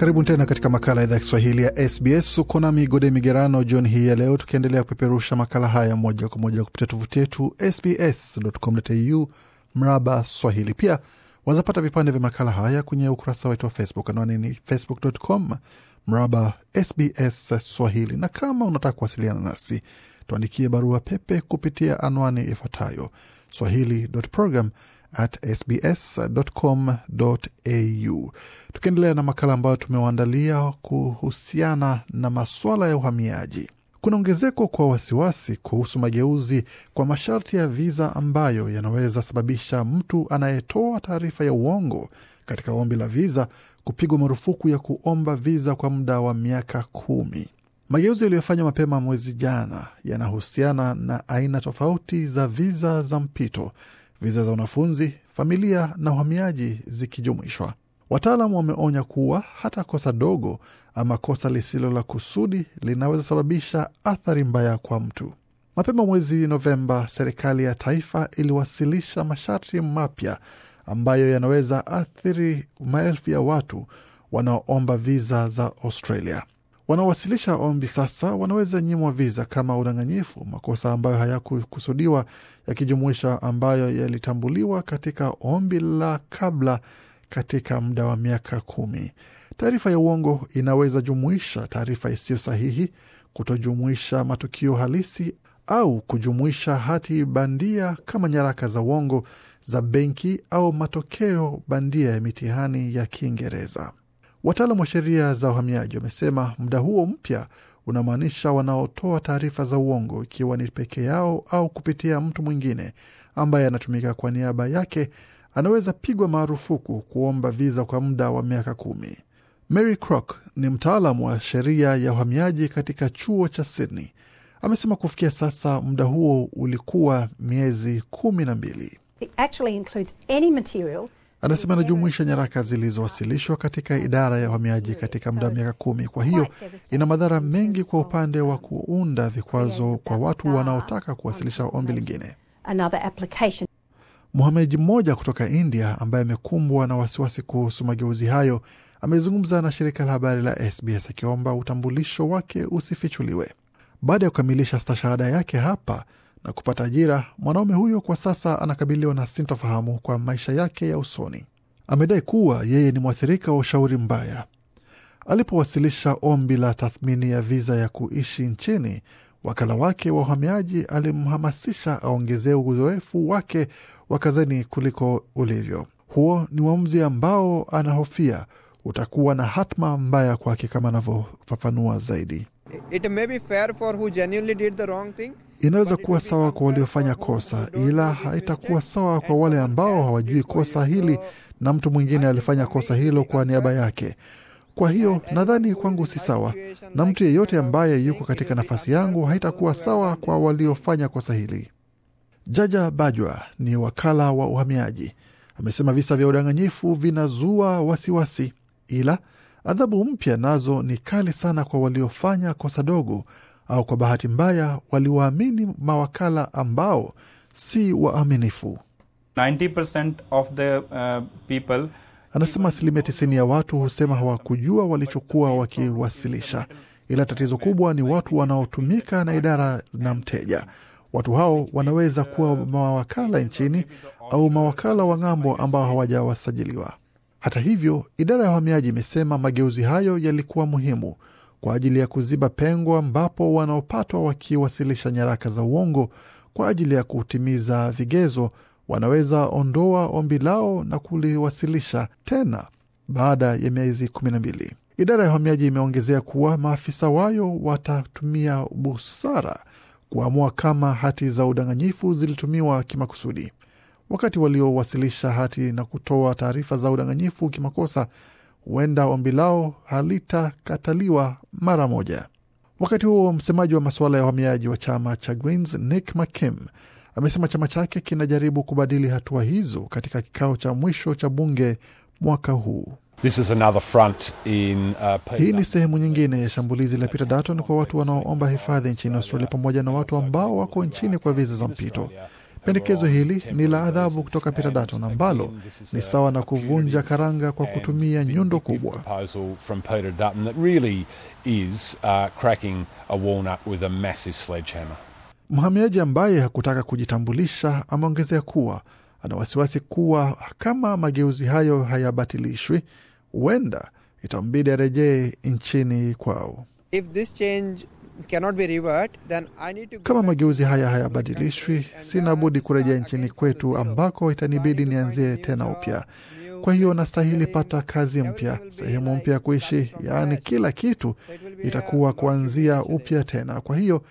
Karibu tena katika makala ya idhaa ya Kiswahili ya SBS. Uko nami Gode Migerano John hii ya leo, tukiendelea kupeperusha makala haya moja kwa moja kupitia tovuti yetu sbs.com.au mraba swahili. Pia wazapata vipande vya makala haya kwenye ukurasa wetu wa Facebook, anwani ni facebook.com mraba sbs swahili. Na kama unataka kuwasiliana nasi tuandikie barua pepe kupitia anwani ifuatayo swahili.program Tukiendelea na makala ambayo tumewaandalia kuhusiana na masuala ya uhamiaji, kuna ongezeko kwa wasiwasi kuhusu mageuzi kwa masharti ya viza ambayo yanaweza sababisha mtu anayetoa taarifa ya uongo katika ombi la viza kupigwa marufuku ya kuomba viza kwa muda wa miaka kumi. Mageuzi yaliyofanywa mapema mwezi jana yanahusiana na aina tofauti za viza za mpito, viza za wanafunzi, familia na uhamiaji zikijumuishwa. Wataalamu wameonya kuwa hata kosa dogo ama kosa lisilo la kusudi linaweza sababisha athari mbaya kwa mtu. Mapema mwezi Novemba, serikali ya taifa iliwasilisha masharti mapya ambayo yanaweza athiri maelfu ya watu wanaoomba viza za Australia. Wanaowasilisha ombi sasa wanaweza nyimwa viza kama udanganyifu, makosa ambayo hayakukusudiwa yakijumuisha ambayo yalitambuliwa katika ombi la kabla katika muda wa miaka kumi. Taarifa ya uongo inaweza jumuisha taarifa isiyo sahihi, kutojumuisha matukio halisi au kujumuisha hati bandia kama nyaraka za uongo za benki au matokeo bandia ya mitihani ya Kiingereza. Wataalam wa sheria za uhamiaji wamesema muda huo mpya unamaanisha wanaotoa taarifa za uongo, ikiwa ni peke yao au kupitia mtu mwingine ambaye anatumika kwa niaba yake, anaweza pigwa marufuku kuomba viza kwa muda wa miaka kumi. Mary Crock ni mtaalam wa sheria ya uhamiaji katika chuo cha Sydney. Amesema kufikia sasa muda huo ulikuwa miezi kumi na mbili. Anasema inajumuisha nyaraka zilizowasilishwa katika idara ya uhamiaji katika muda wa miaka kumi. Kwa hiyo ina madhara mengi kwa upande wa kuunda vikwazo kwa watu wanaotaka kuwasilisha ombi lingine. Mhamiaji mmoja kutoka India ambaye amekumbwa na wasiwasi kuhusu mageuzi hayo amezungumza na shirika la habari la SBS akiomba utambulisho wake usifichuliwe. Baada ya kukamilisha stashahada yake hapa na kupata ajira, mwanaume huyo kwa sasa anakabiliwa na sintofahamu kwa maisha yake ya usoni. Amedai kuwa yeye ni mwathirika wa ushauri mbaya. Alipowasilisha ombi la tathmini ya viza ya kuishi nchini, wakala wake wa uhamiaji alimhamasisha aongezee uzoefu wake wa kazini kuliko ulivyo. Huo ni uamuzi ambao anahofia utakuwa na hatma mbaya kwake, kama anavyofafanua zaidi. It may be fair for who genuinely did the wrong thing. Inaweza kuwa sawa kwa waliofanya kosa, ila haitakuwa sawa kwa wale ambao hawajui kosa hili na mtu mwingine alifanya kosa hilo kwa niaba yake. Kwa hiyo nadhani kwangu si sawa, na mtu yeyote ambaye yuko katika nafasi yangu, haitakuwa sawa kwa waliofanya kosa hili. Jaja Bajwa ni wakala wa uhamiaji, amesema visa vya udanganyifu vinazua wasiwasi, ila adhabu mpya nazo ni kali sana kwa waliofanya kosa dogo au kwa bahati mbaya waliwaamini mawakala ambao si waaminifu. 90% of the uh, people Anasema asilimia tisini ya watu husema hawakujua walichokuwa wakiwasilisha, ila tatizo kubwa ni watu wanaotumika na idara na mteja. Watu hao wanaweza kuwa mawakala nchini au mawakala wa ng'ambo ambao hawajawasajiliwa. Hata hivyo, idara ya uhamiaji imesema mageuzi hayo yalikuwa muhimu kwa ajili ya kuziba pengo ambapo wanaopatwa wakiwasilisha nyaraka za uongo kwa ajili ya kutimiza vigezo wanaweza ondoa ombi lao na kuliwasilisha tena baada ya miezi kumi na mbili. Idara ya uhamiaji imeongezea kuwa maafisa wayo watatumia busara kuamua kama hati za udanganyifu zilitumiwa kimakusudi. Wakati waliowasilisha hati na kutoa taarifa za udanganyifu kimakosa huenda ombi lao halitakataliwa mara moja. Wakati huo msemaji wa masuala ya uhamiaji wa chama cha Greens Nick McKim amesema chama chake kinajaribu kubadili hatua hizo katika kikao cha mwisho cha bunge mwaka huu. This is another front in, uh, hii ni sehemu nyingine ya shambulizi la Peter Dutton kwa watu wanaoomba hifadhi nchini Australia pamoja na watu ambao wako nchini kwa viza za mpito. Pendekezo hili ni la adhabu kutoka Petadaton ambalo ni sawa na kuvunja karanga kwa kutumia nyundo kubwa. Uh, Mhamiaji ambaye hakutaka kujitambulisha ameongezea kuwa ana wasiwasi kuwa kama mageuzi hayo hayabatilishwi, huenda itambidi arejee nchini kwao. If this change kama mageuzi haya hayabadilishwi, sina budi kurejea nchini kwetu ambako itanibidi nianzie tena upya. Kwa hiyo nastahili pata kazi mpya, sehemu mpya ya kuishi, yaani kila kitu itakuwa kuanzia upya tena. Kwa hiyo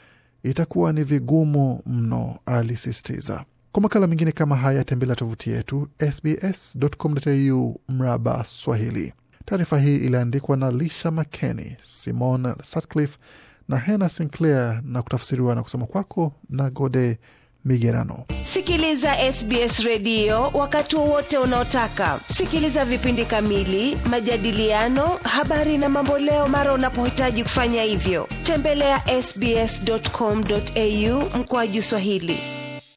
itakuwa ni vigumu mno, alisisitiza. Kwa makala mengine kama haya tembelea tovuti yetu sbs.com.au mraba Swahili. Taarifa hii iliandikwa na Lisha Makeni, Simon Sutcliffe na Hena Sinclair na kutafsiriwa na kusoma kwako na Gode Migerano. Sikiliza SBS redio wakati wowote unaotaka. Sikiliza vipindi kamili, majadiliano, habari na mamboleo mara unapohitaji kufanya hivyo. Tembelea ya sbs.com.au mkoaju Swahili.